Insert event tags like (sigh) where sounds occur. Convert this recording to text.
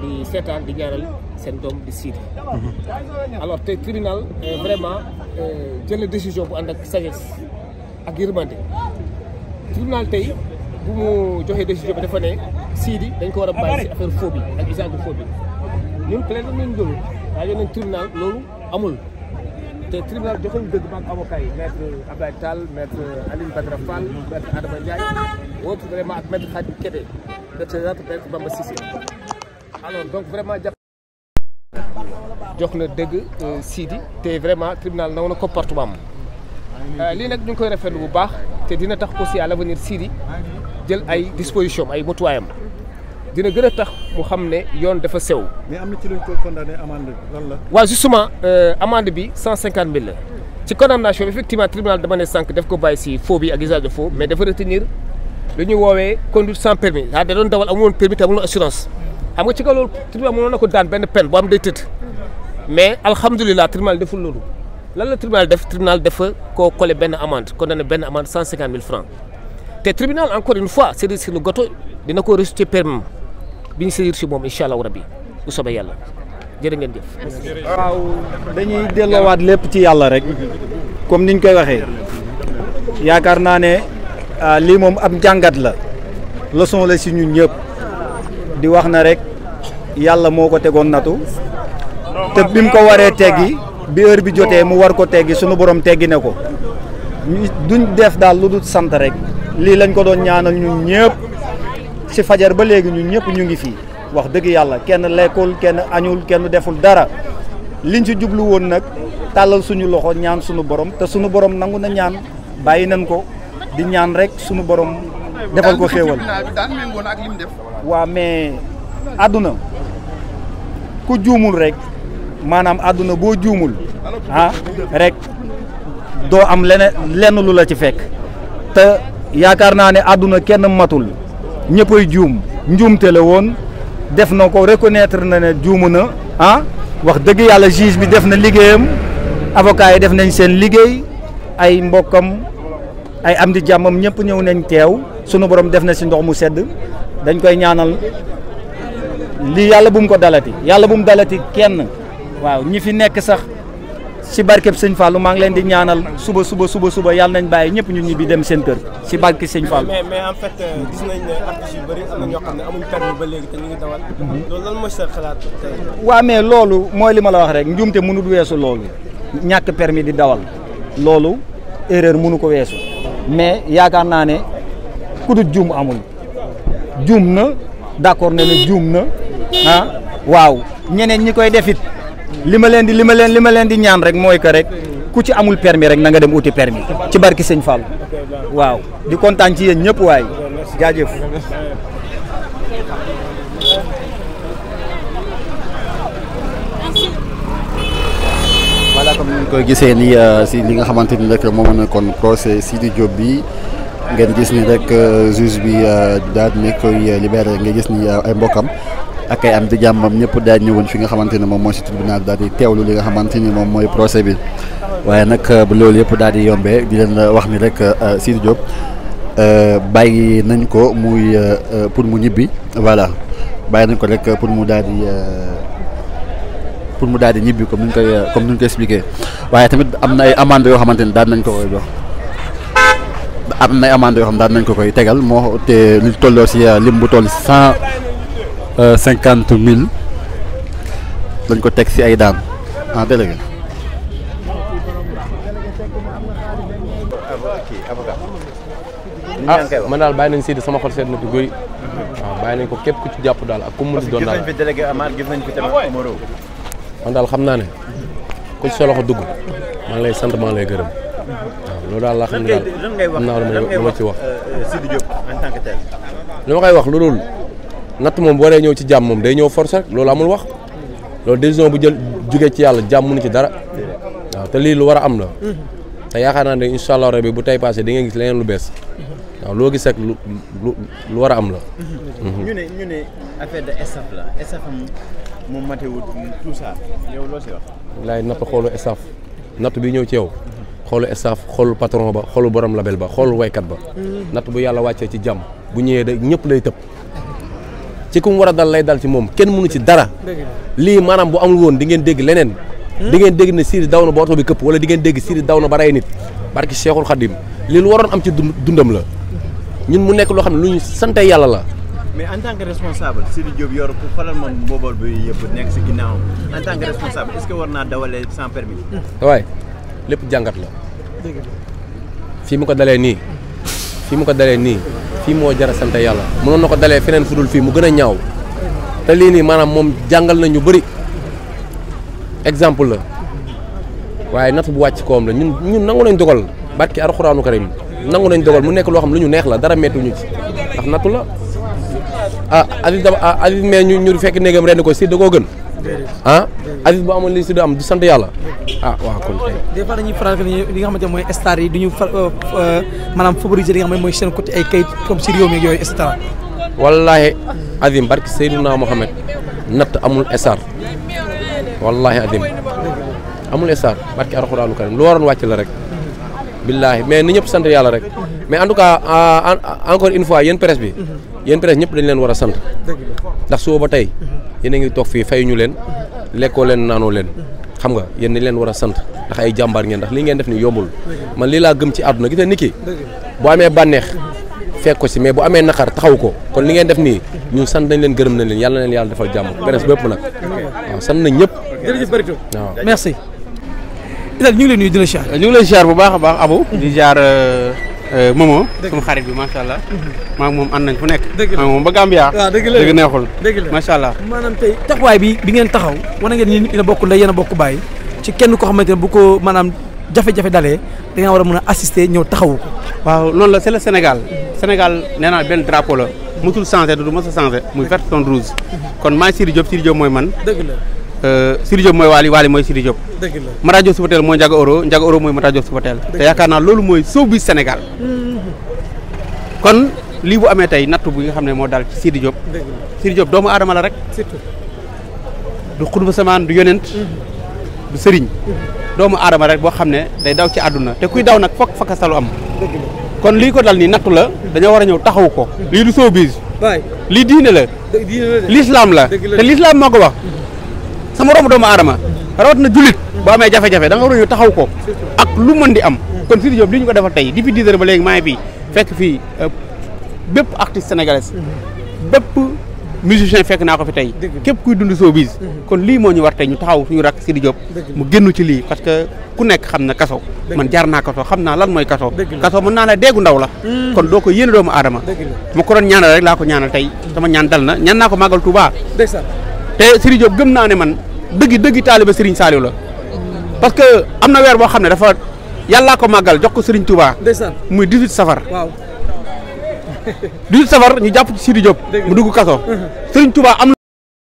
di seetaan di ñaanal seen doom di siidi alors te tribunal euh, vraiment euh, jël na décision bu ànd ak sagesse ak yërmande tribunal tey bu mu joxee décision bi dafa ne siidi dañ ko war a bàyyi si affaire phobie ak ñun plaidé nañ loolu waaye nañ tribunal loolu amul te tribunal joxewul dëgg maag avocat yi maître Abdoulaye Tall maître Aline Badara Fall maître Adama Ndiaye wootu vraiment ak maître Khadim Kébé Bamba Cissé alors donc vraiment jàpp jox na dëgg euh, Sidi te vraiment tribunal naw na comportement am euh, lii nag ñu ngi koy rafetlu bu baax te dina tax aussi à l'avenir Sidi jël ay disposition ay mutuwaayam dina gën a tax mu xam ne yoon dafa sew. mais na ci luñ ko condamné amende lan la. waaw justement euh, amende bi cent cinquante mille la ci condamnation bi effectivement tribunal dama ne sànq daf ko bàyyi si faux bi ak mais dafa retenir lu ñuy woowee conduite sans permis daa da doon dawal amu woon permis te amul assurance. xam nga ci kaw loolu tribunal mënoon na ko daan benn peine boo am day tëdd mais alhamdulilah tribunal deful loolu lan la tribunal def tribunal dafa koo collé benn amende condamné benn amende cent cinquante mille francs te tribunal encore une fois Serigne Sirlu Goto dina ko restituer permis bi ñu saisir si moom incha allahu rabi bu soobee yàlla jërë ngeen jëf. waaw dañuy delloowaat lépp ci yàlla rek comme niñ koy waxee yaakaar naa ne ah, lii moom ab jàngat la leçon la si ñun ñëpp. di wax na rek yàlla moo ko tegoon natu te bi mu ko waree teggi bi heure bi jotee mu war ko teggi sunu borom teggi ne ko duñ def daal lu dul sant rek lii lañ ko doon ñaanal ñu ñëpp si fajar ba léegi ñu ñëpp ñu ngi fii wax dëgg yàlla kenn lekkool kenn añul kenn deful dara liñ ci jublu woon nag tàllal suñu loxo ñaan suñu borom te suñu borom nangu na ñaan bàyyi nañ ko di ñaan rek suñu borom defal ko xéewal waaw mais àdduna ku juumul rek maanaam àdduna boo juumul ah rek doo am leneen lenn lu la ci fekk te yaakaar naa ne àdduna kenn matul ñëppay juum njuumte la woon def na ko reconnaître na ne juumu na ah wax dëgg yàlla juge bi def na liggéeyam avocat yi def nañ seen liggéey ay mbokkam ay am di jàmmam ñëpp ñëw nañ teew sunu boroom def na si ndox mu sedd dañ koy ñaanal li yàlla bu mu ko dalati yàlla bu mu dalati kenn waaw ñi fi nekk sax si barkeb sëñ Fallou maa ngi leen di ñaanal suba suba suba suba yàlla nañ bàyyi ñëpp ñu ñibbi dem seen kër si barke sëñ Fallou. mais mais am fekk euh, gis nañ ne artistes yu bëri amuñ permis ba léegi te ñu ngi dawal. Mhm. loolu lan mooy sa xalaat tey. waaw loolu mooy li ma la wax rek njuumte mënut weesu loolu ñàkk permis di dawal loolu erreur mënu ko weesu mais ku dul juum amul juum na d'accord ne na juum na ah, waaw ñeneen ñi koy defit li ma leen di li ma leen li ma leen di ñaan rek mooy que rek ku ci amul permis rek na nga dem uti permi ci barki sëñ Fall waaw di kontaan ci yéen ñëpp waay jaajëf voilà comme ni ñu gisee nii euh, si li nga xamante ni rek moo mën a kon procès Sidi Diop bi ngeen gis ni rek euh, juge bi euh, daal di koy euh, libéré nga gis ni ay mbokkam ak ay am di jàmmam ñëpp daal ñëwoon fi nga xamante ni moom mooy si tribunal daal di teewlu li nga xamante ni moom mooy procès bi waaye nag bu loolu yëpp daal di yombee di leen wax ni rek Sidy Diop bàyyi nañ ko muy pour mu ñibbi voilà bàyyi nañ ko rek pour mu daal di. pour mu daal di ñibbi comme ni koy comme ni ñu koy expliqué waaye tamit am na ay amande yoo xamante ni daan nañ ko koy jox am na amende yoo xam daan nañ ko koy tegal moo te lu tolloo si euh, lim bu toll cent euh, cinquante mille lañ ko teg si ay daan en ah, délégué. ah man daal bàyyi nañ Sidi sama xol seet na du guy. waaw ah, bàyyi nañ ko képp ku ci jàpp daal ak ku mu mënti doon daal gis nañ fi délégué ah, daal xam naa ne ku ci sa dugg maa ngi lay sant maa lay gërëm. waaw loolu daal laa xam ne naa lu ma ci wax. Euh, Sidy ma koy wax lu dul natt moom bu waree ñëw ci jàmm moom day ñëw force rek loolu amul wax loolu décision bu jël jugee ci yàlla jàmm mënu ci dara waaw te lii lu war a am la. te yaakaar naa ne incha allah bi bu tey passé di ngeen gis leneen lu bees waaw loo gis rek lu lu lu war a am la. Mhm. ñu ne ñu ne affaire de staff la staff am moom matewut tout ça yow loo si wax. wallaay natt xoolu staff natt bi ñëw ci yaw xoolu staff xoolu patron ba xoolu borom label ba xoolu waykat ba mm. natt bu yàlla wàccee ci jàmm bu ñëwee da ñëpp lay tëb ci ku mu war a dal lay dal ci moom kenn mënu ci dara lii maanaam bu amul woon di ngeen dégg leneen hmm? di ngeen dégg ne Sidy daw na boo oto bi këpp wala di ngeen dégg Sidy daw na ba rey nit barki Cheikhul Khadim lii lu waroon am ci dundam la ñun mu nekk loo xam ne lu ñu sante yàlla la mais en tant que responsable Sidy Diop yor ku xoolal moom mboobal nekk si ginnaaw en tant que que war naa dawalee sans permis lépp jàngat la fii mu ko dalee nii fii mu ko dalee nii fii moo jar a sant yàlla mënoon na ko dalee feneen fu dul fii mu gën a ñaaw te lii nii maanaam moom jàngal na ñu bëri exemple la waaye natt bu wàcc koom la ñun ñun nangu nañ dogal barki alxuraanu karim nangu nañ dogal mu nekk loo xam lu ñu neex la dara mettuñu ci ndax nattu la ah Aziz dafa ah Aziz ñu ñu ñu fekk néegam ren ko si da koo gën ah Aziz bu amoon li si du di sant yàlla ah waa kon tey. des fois dañuy faral li nga mooy star yi duñu ñu fa euh, euh, maanaam favoriser li nga seen côté ay kayit comme si réew mi yooyu et cetera. wallaahi Azim barki Seydina Mohamed natt amul star wallaahi Azim amul star barki alxuraanu karim lu waroon wàcc la rek. billaahi mais ni ñëpp sant yàlla rek mais en tout cas euh, encore une fois yéen bi. yéen presse ñëpp dañ leen war a sant ndax suba ba tey yéen a ngi toog fii fay ñu leen lekkoo leen naanoo leen xam nga yéen dañ leen war a sant ndax ay jàmbaar ngeen ndax li ngeen def ni yombul man li laa gëm ci àdduna gis ni nit ki bu amee bànneex fekk ko si mais bu amee naqar taxaw ko kon li ngeen def nii ñu sant nañ leen gërëm nañ leen yàlla leen yàlla defal jàmm presse bépp nag waaw sant nañ ñëpp jërëjëf Barito waaw merci ñu ngi lay di la ziar bu baax a baax Abou di euh, Euh, Momo suñu xarit bi macha allah. Mhm. maa moom ànd nañ fu nekk. dëgg la moom ba Gambia. waaw ah, dëgg la dëgg neexul. dëgg allah. maanaam bi bi ngeen taxaw wane ngeen yéen a bokk ndey yéen a bokk bàyyi ci kenn ko xamante bu ko maanaam jafe-jafe dalee da nga war a mën a assister ñëw taxawu ko. waaw loolu la c'est le Sénégal. Sénégal nee naa benn drapeau la. musul changé du ma a changé muy vert jaune rouge. Mhm. kon maa si Sidy Diop Sidy mooy man. dëgg la Euh, Sidy Diop mooy Wally Wally mooy Sidy Diop Matar Diop Soubatel mooy Ndiaga Euro Ndiaga Euro mooy Matar Diop Soubatel te yaakaar naa loolu mooy showbiz Sénégal mm-hmm. kon lii bu amee tey nattu bi nga xam ne moo daal ci Sidy Diop doomu aadama rek du xutba samaan du yonent mm-hmm. sëriñ mm-hmm. doomu aadama rek boo xam ne day daw ci àdduna te kuy daw nag fokk fakkastalu am kon lii ko dal nii nattu la dañoo war a ñëw taxaw ko lii du showbiz lii diine la lislaam la te lislaam moo ko wax sama romb doomu aadama rawat na jullit boo amee jafe-jafe da nga war taxaw ko ak lu mën di am kon Sidy Diop li ñu ko defal tey depuis 10 heures ba léegi maa bi fekk fii euh, bépp artiste sénégalais bépp musicien fekk naa ko fi tey képp kuy dund soobis kon lii moo ñu war tey ñu taxaw suñu rakk Sidy Diop mu génn ci lii parce que ku nekk xam na kaso man jaar naa kaso xam naa lan mooy kaso kaso mën naa ne deegu ndaw la hmm. kon doo ko yéene doomu aadama ma ko doon rek laa ko ñaanal tey sama ñaan na ñaan naa ko màggal Touba te Serigne Diop gëm naa ne man dëggi dëggi taaliba Serigne Saliou la parce que am na weer boo xam ne dafa yàllaa ko màggal jox ko Serigne Touba. muy 18 safar. waaw 18 safar ñu jàpp ci Serigne Diop. mu dugg kaso (laughs) Serigne Touba am